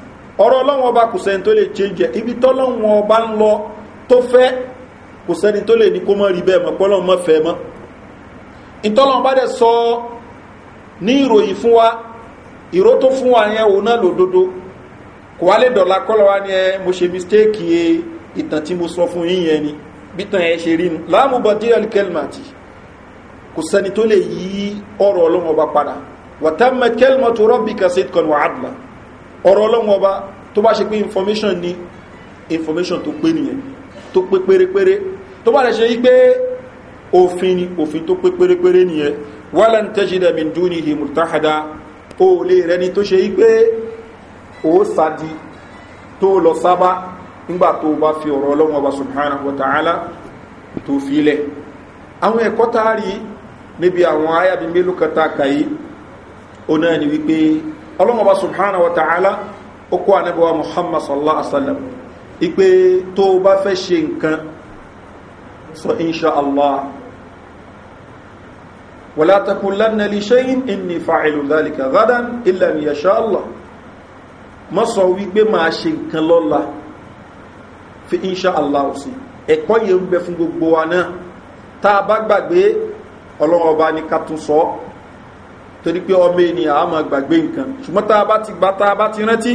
ọ̀rọ̀ ọlọ́run ọba kò sẹ́ni tó lè change ẹ̀ ibi tọ́lọ́run ọba ń lọ tó fẹ́ kò sẹ́ni tó lè ní kó mọ́ rí bẹ́ẹ̀ mọ́ pọ́lọ́run mọ́ fẹ́ mọ́ ìtọ́lọ́run bá dẹ̀ sọ ní ìròyìn fún wa ìró tó fún wa yẹn òun náà lòdodo kò wá lè dọ̀la kọ́lọ́ wa ni ẹ mo ṣe mistake e ìtàn tí mo sọ fún yín yẹn ni bí tàn ẹ ṣe rí nu láàmú bọ́díẹ̀lì kẹlmàtì kò sẹ́ni tó lè yí ọ̀rọ̀ ọlọ́run ọba padà wàtá mẹ́kẹ́lmọ́tò rọ́bì kàṣẹ́tìkọ̀nù wàhálà ọ̀rọ̀ ọlọ́run ọba tó bá ṣe pé information ni information tó pé nìyẹn tó pé pérépéré tó bá rẹ̀ ṣe wípé òfin ni òfin tó pé pérépéré nìyẹn wàlẹ̀ ń tẹ́jì dẹ̀mí dúnì himultahada ó lè rẹni tó ṣe wípé ó sadi tó lọ sábà nígbà tó bá fi ọ̀rọ̀ ọlọ́run ọlọ́mọba subhana wa ta'ala ó kó anábọ̀wá muhammad sallallahu alaihi wasallam ipe tó bá fẹ́ ṣe nǹkan sọ inṣà allah wàlá takulanna lè ṣe in inni fa'ilu dhalika gadan illa ni ya sha allah ma sọ wípé máa ṣe nǹkan lọ́la fi inṣà allah sí bá ní ká tún sọ torí pé ọmọ ènìyàn a máa gbàgbé nǹkan ṣùgbọ́n tá a bá ti gbà tá a bá ti rántí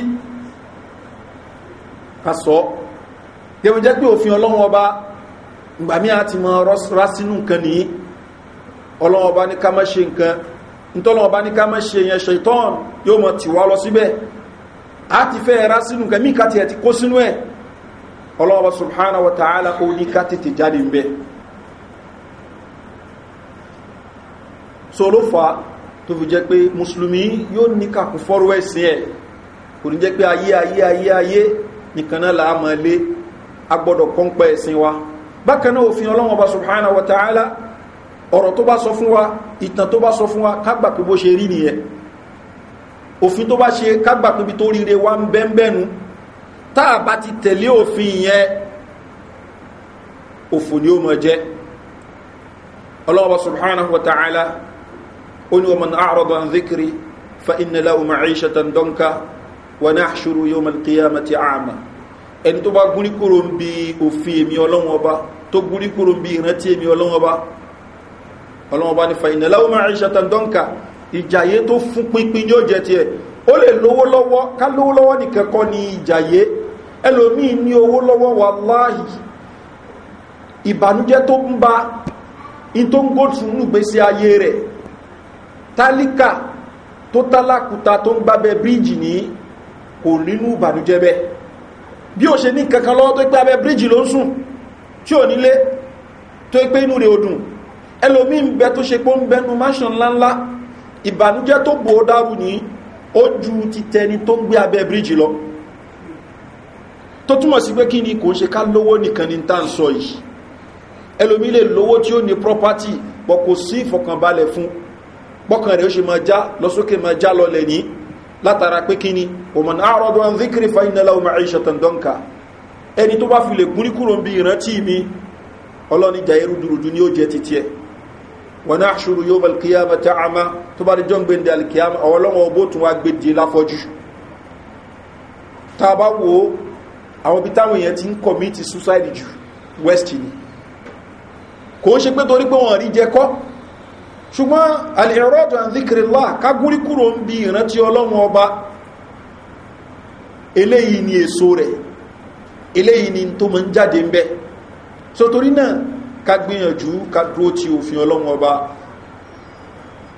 ká sọ yẹ́wọ́n jẹ́ pé òfin ọlọ́run ọba ìgbàmí àti mọ rá sínú nǹkan nìyí ọlọ́run ọba ní ká má ṣe nǹkan ntọ́lọ́run ọba ní ká má ṣe yẹn ṣètọ́n yóò mọ̀ tì wá lọ síbẹ̀ a ti fẹ́ rá sínú nǹkan mí ká tiẹ̀ wa ta'ala ó ní ká tètè jáde so ló fà tó fi jẹ́ pé mùsùlùmí yóò ní kàkún fọ́rọ̀ ẹ̀sìn ẹ̀ kò ní jẹ́ pé ayé ayé ayé ayé nìkan náà làá mọ̀ lé agbọ́dọ̀ wa bákan náà òfin ọlọ́wọ́n bá subhanahu wa ọ̀rọ̀ tó bá sọ fún wa ìtàn tó bá sọ fún wa kágbà pé bó ṣe rí nìyẹn òfin tó bá ṣe ó ní ọmọ àrọ̀dọ̀ zikiri fa ìnìlá ọmọ àìṣẹ́ tàn dọ́nka wà ní àṣírò yóò mọ̀ kíyàmà ti àmà ẹni tó bá gúrí kúrò ń bí òfin èmi ọlọ́wọ́n ọba tó gúrí kúrò ń bí ìrántí èmi ọlọ́wọ́n ọba ọlọ́wọ́n ọba ní fa ìnìlá ọmọ àìṣẹ́ tàn dọ́nka ìjàyé tó fún pínpín yóò jẹ tiẹ̀ ó lè lówó lọ́wọ́ ká lówó lọ́wọ́ nìkan kọ́ ni ìjàyé ẹlòmíì ní owó lọ́wọ́ wà láàyè ìbànújẹ́ tó ba in tó ń gòtù nùgbésí ayé rẹ̀ tálíkà tó tálákùta tó ń gbábẹ́ bíríjì ní kò nínú ìbànújẹ́ bẹ́ bí ó ṣe ní kankan lọ́wọ́ tó pé abẹ́ bíríjì ló ń sùn tí ò nílé tó pé inú rẹ̀ odùn ẹlòmí ń bẹ tó ṣe pé ó ń bẹnu máṣan ńláńlá ìbànújẹ́ tó gbòó dárú ní ó ju ti tẹni tó ń gbé abẹ́ bíríjì lọ tó túnmọ̀ sí pé kí ni kò ṣe ká lówó nìkan ni tá ń sọ yìí ẹlòmí lè lówó tí ó ní property pọ̀ kò sí ìfọ̀kànbalẹ̀ fún un pọ́kàn rẹ̀ ó ṣe máa já lọ́sókè máa já lọlẹ̀ ní látara pé kíni òmọ̀nà àrọ́dọ̀ an zikiri fa iná láwọn máa ṣe tàndọ́nkà ẹni tó bá fi lè gúnrí kúrò bí ìrántí mi ọlọ́ni jà irú ni ó jẹ titi ẹ̀ wọn náà ṣòro yóò bá kíyàmà tá tó bá alkiyama àwọn ọlọ́wọ́ bó tún wá gbé di láfọ́jú tá a bá suicide ju west ni kò ń ṣe pé torí pé rí jẹ ṣùgbọ́n alìrọ́dọ̀ and zikirila kagúrí kúrò ń bí ìrántí ọlọ́run ọba eléyìí ni èso rẹ̀ eléyìí ni tó mọ́ ń jáde ń bẹ́ so torí náà ká gbìyànjú ká dúró ti òfin ọlọ́run ọba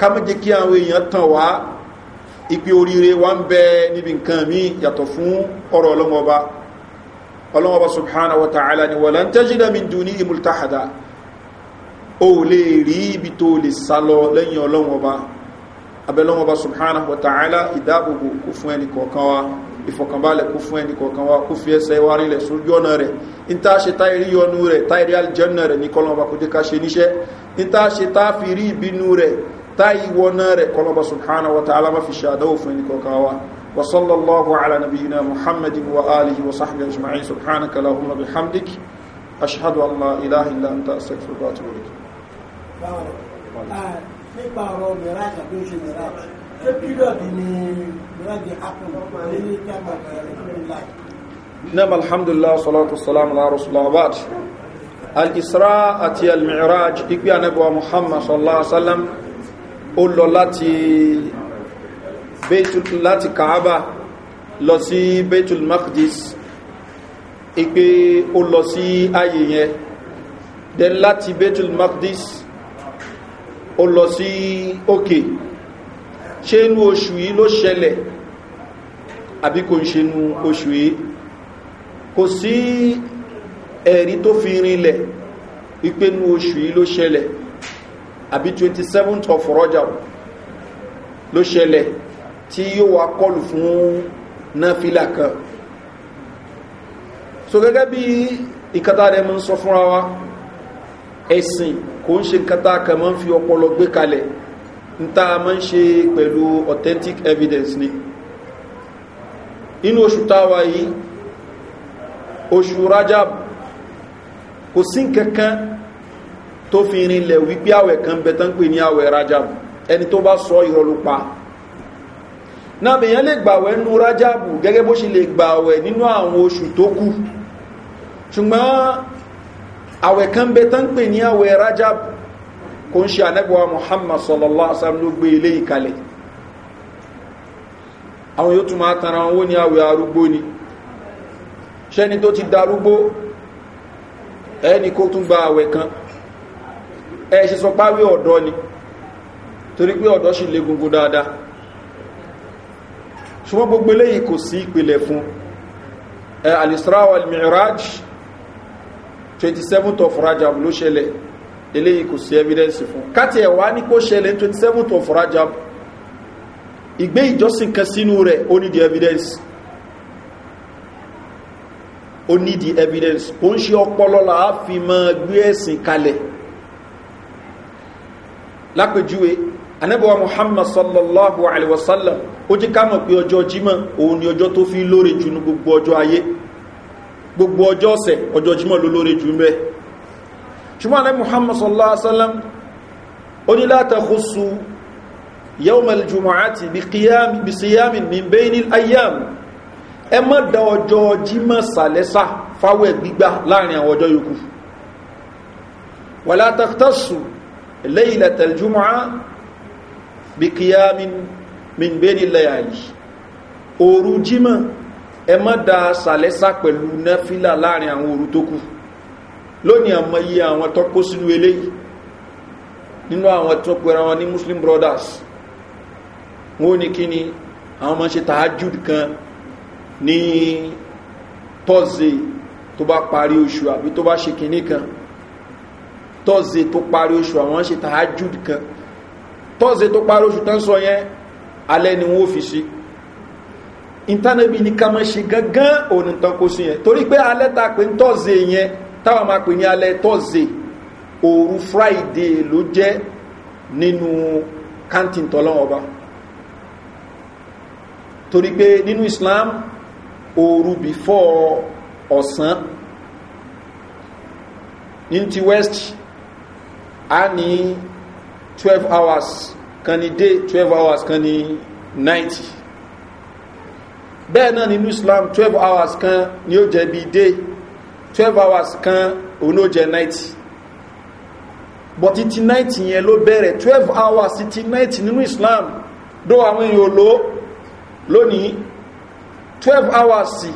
ká mọ́ jẹ́ kí àwọn èèyàn tàn wá ipi oríire wá ń bẹ níbi nǹkan mi yàtọ̀ fún ọ̀rọ̀ ọlọ́run ọba ọlọ́run ọba subhanahu wa ta'ala ni wọ́n lọ́n tẹ́jìdá mi dùn ní ìmúltàhàdá o lè rí ibi tó lè sá lọ lẹ́yìn ọlọ́run ọba abẹ́lọ́run ọba subhanahu wa ta'ala ìdáàbòbò kó fún ẹnì kọ̀ọ̀kan wa ìfọ̀kànbalẹ̀ kó fún ẹnì kọ̀ọ̀kan wa kó fi ẹsẹ̀ wa rílẹ̀ sójú ọ̀nà rẹ̀ níta ṣe tá irí ọnu rẹ̀ tá irí aljanna rẹ̀ ní kọlọ́mọba kó jẹ́ ká ṣe níṣẹ́ níta ṣe tá fi rí ìbínú rẹ̀ tá ìwọ̀nà rẹ̀ kọlọ́mọba subhanahu wa ta'ala ma fi ṣe àdáwò fún ẹnì kọ̀ọ̀kan wa wa sallallahu ala nabiyyina muhammadin wa alihi wa sahbihi ajma'in subhanaka lahumma bihamdik ashhadu an la ilaha illa anta astaghfiruka wa atubu ilayk Ah, nípa ọ̀rọ̀ mìíràn àbí oṣù mìíràn ṣé pírọ̀dì ni mìíràn di hapun nínú ìjàmbá ìrìnlá. nam alhamdulillah salatu salam ala rasulillah abad al-isra àti al-mi'raj ipi anabuwa muhammad sallallahu alaihi wasallam ó lọ láti beitul láti kaaba lọ sí beitul maqdis ipe ó lọ sí ayé yẹn then láti beitul maqdis ó lọ sí òkè ṣé inú oṣù yìí ló ṣẹlẹ̀ àbí kò ń ṣe inú oṣù yìí kò sí ẹ̀rí tó fi rinlẹ̀ wípé inú oṣù yìí ló ṣẹlẹ̀ àbí 27th of roger ló ṣẹlẹ̀ tí yóò wá kọlù fún náfílà kan so gẹ́gẹ́ bí ìkátà rẹ̀ mọ́ sọ fúnra wa ẹ̀sìn kò ń ṣe nǹkan tá a kàn máa ń fi ọpọlọ gbé kalẹ̀ ń tá a ń ṣe pẹ̀lú authentic evidence ni inú oṣù táwa yìí oṣù rajab kò sí nkankan tó fi rinlẹ̀ wípé àwẹ̀ kan bẹ tán pè ní àwẹ̀ rajab ẹni tó bá sọ ìrọlùpa náà bèèyàn lè gbàwẹ̀ nínú rajab gẹ́gẹ́ bó ṣe lè gbàwẹ̀ nínú àwọn oṣù tó kù ṣùgbọ́n àwẹ̀ kan bẹ tán pè ní àwẹ̀ rajab kò ń ṣe anẹ́gbọ́wà muhammad sallallahu alaihi wasallam ló gbé ilé ìkalẹ̀ àwọn yóò tún máa tara wọn ní àwẹ̀ arúgbó ni ṣẹ́ni tó ti darúgbó ẹni kó tún gba àwẹ̀ kan ẹ ṣe sọ páwé ọ̀dọ́ ni torí pé ọ̀dọ́ sì lé gungun dáadáa ṣùgbọ́n gbogbo eléyìí kò sí ìpìlẹ̀ fún alisrawa almiraj twenty seven of rajab ló ṣẹlẹ̀ eléyìí kò sí evidence fún káti ẹ̀wá ní kó ṣẹlẹ̀ twenty seven of rajab ìgbé ìjọsìn kan sínú rẹ̀ ó ní di evidence ó ní di evidence ó ń ṣe ọpọlọ là á fi mọ gbé ẹ̀sìn kalẹ̀ lápèjúwe anábọ̀wá muhammad sallallahu alaihi wasallam ó jẹ́ ká mọ̀ pé ọjọ́ jimá òun ni ọjọ́ tó fi lóore jù ní gbogbo ọjọ́ ayé gbogbo ọjọ́ ọ̀sẹ̀ ọjọ́ jímọ̀ ló lórí jù mẹ́ ṣùgbọ́n alẹ́ muhammad sallallahu alaihi wasallam ó ní látàkóso yawmal jumu'ati bi qiyam bi siyamin min bainil ayyam ẹ má da ọjọ́ jímọ̀ sàlẹ́sà fáwẹ̀ gbígbà láàrin àwọn ọjọ́ yòókù wà látàkóso laylatal jumu'a bi qiyamin min bainil layali òru jímọ̀ ẹ má da sàlẹ́sà pẹ̀lú náfílà láàrin àwọn òru tó kù lónìí àmọ́ iye àwọn tó sínú eléyìí nínú àwọn tó pẹ̀rọ wọn ní muslim brothers wọ́n ní kí ni àwọn ọmọ ṣe tààjùd kan ní tọ́sẹ̀ tó bá parí oṣù àbí tó bá ṣe kìíní kan tọ́sẹ̀ tó parí oṣù àwọn ṣe tààjùd kan tọ́sẹ̀ tó parí oṣù tán sọ yẹn alẹ́ ni wọ́n fi sí si ìtànàbí ní kama ṣe gangan òní tán kó sí yẹn torí pé alẹ́ pé ń tọ́ze yẹn táwọn máa pè ní alẹ́ tọ́ze òru friday ló jẹ́ nínú kantin tọ́lọ́wọ́ ọba torí pé nínú islam òru bìfọ́ ọ̀sán ní ti west a ní 12 hours kan ní day 12 hours kan ní 90 bẹ́ẹ̀ náà nínú islam 12 hours kan ni ó jẹ́ bí day 12 hours kan òun ó jẹ́ night but títí night yẹn ló bẹ̀rẹ̀ 12 hours títí night nínú islam dó àwọn èèyàn ló lónìí 12 hours sí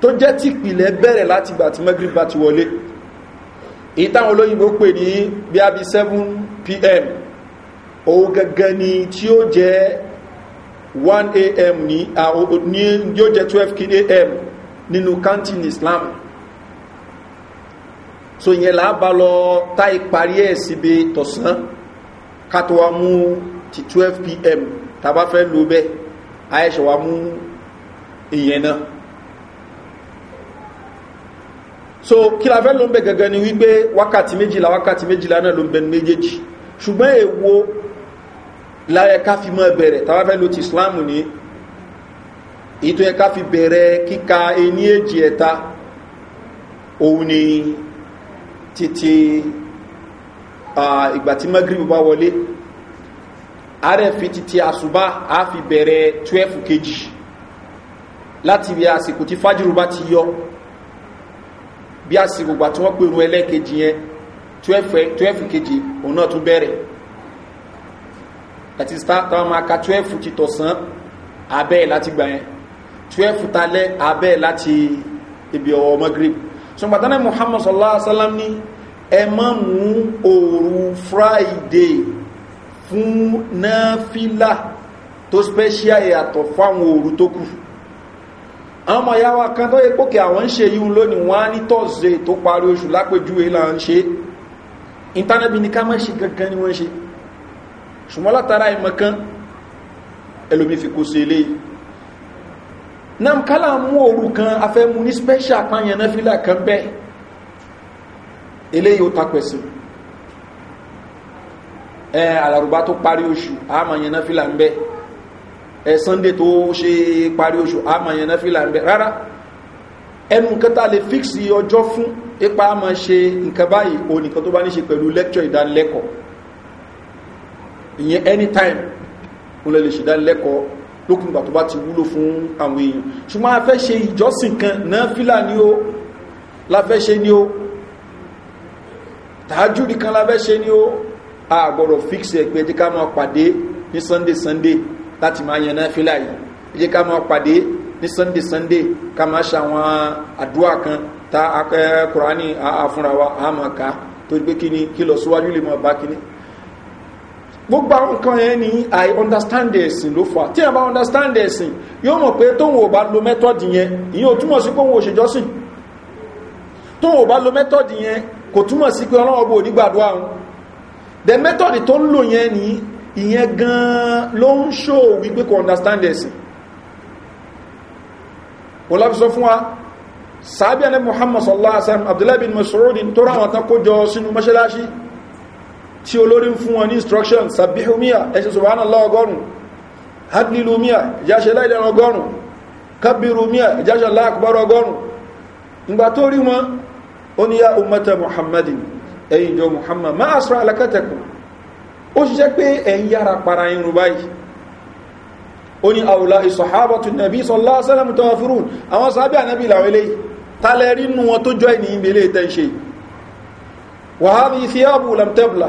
tó jẹ́ tí ìpìlẹ̀ bẹ̀rẹ̀ láti gbà tí magrib bá ti wọlé èyí táwọn olóyìnbó pè ní bí i 7 pm òun gẹ́gẹ́ ni tí ó jẹ́ 1 a.m. ní yóò jẹ́ twelve a.m. nínú kantin islam so yẹn là á bá lọ tá ìparí ẹ̀ síbi tọ̀sán ká wa mú ti 12 p.m. tá a bá fẹ́ lo bẹ́ẹ̀ àyẹ̀ṣẹ̀ wa mú ìyẹn náà so kí la fẹ́ ló ń bẹ gẹ́gẹ́ ni wípé wákàtí méjìlá wákàtí méjìlá náà ló ń bẹ méjèèjì ṣùgbọ́n èwo láyẹ ká fi mọ́ bẹ̀rẹ̀ tàbá fẹ́ ló ti islam ní èyí tó yẹ ká fi bẹ̀rẹ̀ kíka ení èjì ẹ̀ta òun ni títí ìgbà tí magrib bá wọlé ààrẹ fi títí àṣùbá a fi bẹ̀rẹ̀ 12 kejì láti bí àsìkò tí fájìrù bá ti yọ bí àsìkò gbà tí wọ́n pèrún ẹlẹ́kejì yẹn 12 kejì òun náà tún bẹ̀rẹ̀ that is táwọn máa ka twelve ti tọ̀sán abẹ́ ẹ̀ láti gbà yẹn twelve talẹ́ abẹ́ ẹ̀ láti ibi ọ̀wọ́ magrib ṣùgbọ́n muhammad sallallahu alaihi wa sallam ẹ má mú òru friday fún náfìlà tó special yàtọ̀ fáwọn òru tó kù àwọn ọmọ ìyáwó kan tó yẹ pókè àwọn ń ṣe yíò lónìí wọ́n á ní tọ́sídẹ̀ẹ́ tó parí oṣù lápèjúwe là ń ṣe ìtànàbí ní ká má ṣe gangan ni wọ́n ṣe ṣùgbọ́n látara ìmọ̀kan ẹlòmí fi kò sí ilé náà mú òru kan afẹ́mú ní special pààyàn náà fílà kan bẹ́ eléyìí ó takwẹ̀sì ẹ àlàrùbá tó parí oṣù àmàyàn náà fílà ń bẹ́ ẹ sunday tó ṣe parí oṣù àmàyàn náà fílà ń bẹ́ rárá ẹnu nǹkan tá lè fíksì ọjọ́ fún ipa àmà ṣe nǹkan báyìí o tó bá ní ṣe pẹ̀lú lẹ́kṣọ̀ ìdánilẹ́kọ̀ọ́ ìyẹn anytime wọn lè lè ṣèdánilẹ́kọ̀ọ́ lókun ìgbà tó bá ti wúlò fún àwọn èèyàn ṣùgbọ́n a fẹ́ ṣe ìjọsìn kan náà fílà ni ó láfẹ́ ṣe ni ó tààjú nìkan láfẹ́ ṣe ni ó a gbọ́dọ̀ fix ẹ̀ pé ẹjẹ́ ká máa pàdé ní sunday sunday láti máa yẹn náà fílà yìí ẹjẹ́ ká máa pàdé ní sunday sunday ká máa ṣàwọn àdúrà kan ta akẹ́ kùránì àfúnra wa àmọ̀ ká torí pé kí kí lọ síwájú lè mọ̀ bá kí gbogbo àwọn nǹkan yẹn ni i understand ẹ̀sìn ló fà tí a bá understand ẹ̀sìn yóò mọ̀ pé tóun ò bá lo mẹ́tọ́dì yẹn ìyẹn ò túmọ̀ sí pé òun ò ṣèjọ́sìn tóun ò bá lo mẹ́tọ́dì yẹn kò túmọ̀ sí pé ọlọ́wọ́ bò wọn the method tó ń lò yẹn ni ìyẹn gan ló ń ṣó wípé kò understand ẹ̀sìn wọ́n lábí sọ fún wa sábíà ní muhammad sallallahu alaihi wasallam abdullahi bin masorodin tó ráwọn tán kó jọ sínú mọ́ṣáláṣí tí olórí ń fún wọn ní instruction sàbíhùmíà ẹ̀ṣẹ̀ sọ̀bánàlá ọgọ́rùn hadlilumíà ìjáṣẹ́ láìdára ọgọ́rùn kábírumíà ìjáṣẹ́ láàkùbárọ̀ ọgọ́rùn ìgbà tó rí wọn ó ní yá umata muhammadin ẹ̀yìn jọ muhammad ma asra alakatakun ó ṣiṣẹ́ pé ẹ̀yìn yára para irun báyìí ó ní àwùlá ìsọ̀hábọ̀tù nàbí sọ̀lá sálẹ̀mù tọ́wọ́ fúrún àwọn sábẹ́ ànábì làwọn eléyìí tálẹ̀ rí nù wọn tó wàhálì ìfíàbù làmtẹ́bùlà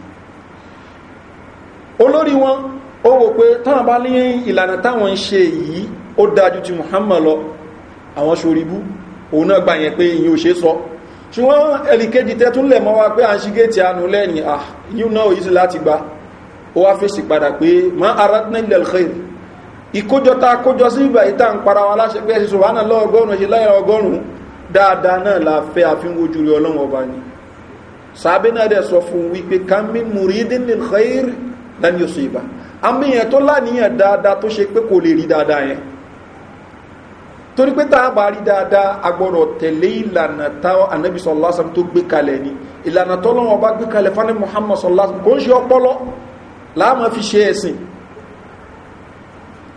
olórí wọn o wò pé táwọn bá ní ìlànà táwọn ń ṣe yìí ó dájú ti muhammad lọ àwọn ṣoribú òun náà gbà yẹn pé ìyìn ò ṣe sọ ṣùgbọ́n ẹlìkejì tẹ́tún lẹ̀ mọ́ wa pé à ń ṣí géètì àánú lẹ́yìn à sí láti gba ma aratna ilẹ̀ alkhair ìkójọ ta kójọ sí ìgbà ìta ń para wa láṣẹ pé ẹ̀ṣẹ̀ la fẹ́ àfihàn ojú rẹ̀ ọlọ́run ọba ni sàbẹ́ náà lẹ́ni oṣù ìbá àmì yẹn tó láníyàn dáadáa tó ṣe pé kò lè rí dáadáa yẹn torí pé táà bá rí dáadáa agbọ́dọ̀ tẹ̀lé ìlànà táwọn anábì sọ̀lásán tó gbé kalẹ̀ ni ìlànà tọ́lọ́wọ́n bá gbé kalẹ̀ fánẹ́ muhammad sọ̀lásán kò ń ṣe ọpọlọ láàmà fi ṣe ẹ̀sìn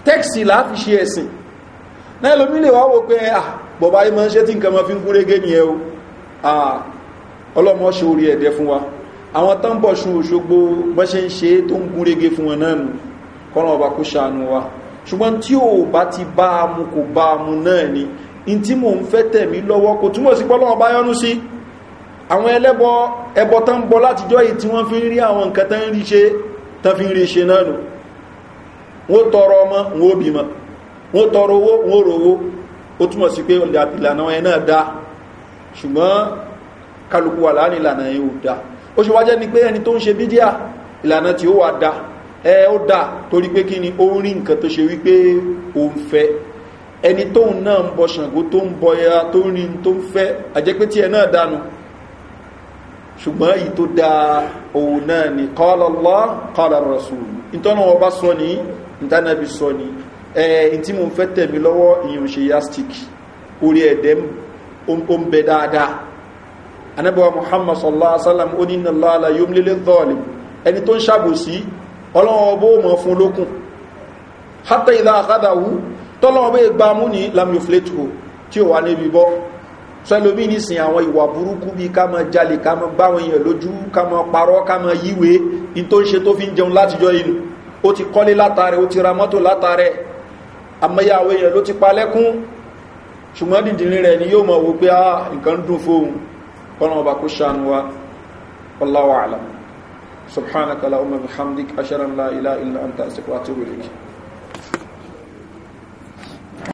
tẹ́ksì láà fi ṣe ẹ̀sìn náà lómi lè wá wò pé ah bọ̀bá yìí máa ń ṣe tí nǹkan máa ah ọlọ́mọ ṣe orí ẹ̀dẹ́ àwọn tó ń bọ̀ ṣun òṣogbo bọ́ ṣe ń ṣe tó ń gúnrégé fún wọn náà nù kọ́nà ọba kó ṣàánú wa ṣùgbọ́n tí ò bá ti bá mú kò bá mú náà ni in tí mò ń fẹ́ tẹ̀mí lọ́wọ́ kò túnmọ̀ sí pọ́lọ́wọ́ bá yọ́nú sí àwọn ẹlẹ́bọ ẹbọ tán bọ látijọ́ yìí tí wọ́n fi ń rí àwọn nǹkan tán rí ṣe tán fi ń rí ṣe náà nù wọ́n tọrọ ọmọ láàrin ìlànà ẹ dáa ó ṣe wájẹ́ ni pé ẹni tó ń ṣe bídíà ìlànà tí ó wà dá ẹ ó dá torí pé ni ó rí nǹkan tó ṣe wípé ó ń fẹ́ ẹni tóun náà ń bọ ṣàngó tó ń bọ ya tó ń rin tó ń fẹ́ àjẹpẹ́ tí ẹ náà dánu ṣùgbọ́n èyí da òun náà ni kọ́lọ́lọ́ kọ́lọ́rọ̀sùn ìtọ́nà ọba sọ ní ìtànàbí sọ ní ee tí mo fẹ́ tẹ̀mí lọ́wọ́ yastik orí ẹ̀dẹ́ ó ń bẹ dáadáa anábẹ́wà muhammad sallallahu alaihi wasallam onínàláàlá yóò mlélé dọ́ọ̀lì ẹni tó ń ṣàbòsí ọlọ́wọ́ ọbọ̀ mọ̀ fún lókùn hátà ìdá àkádàwú tọ́lọ́wọ́ bẹ́ gbá mú ní lamufleto tí ó wà níbi bọ́ sẹ́lómí nísìn àwọn ìwà burúkú bí ká mọ jalè ká mọ báwọn èèyàn lójú ká mọ parọ́ ká mọ yíwe in tó ń ṣe tó fi ń jẹun látijọ́ inú ó ti kọ́lé látàrẹ ó ti ra mọ́tò látàrẹ àmọ́yàwó èèyàn ló ti palẹ́kún ṣùgbọ́n dìndínrín rẹ̀ ni yóò mọ̀ wò pé ah nǹkan dùn fóun kọ́nà ọba kó ṣàánú wa wallahu a'lam subhanaka la umma bihamdik asharan la ilaha illa anta astaghfiruka wa atubu ilayk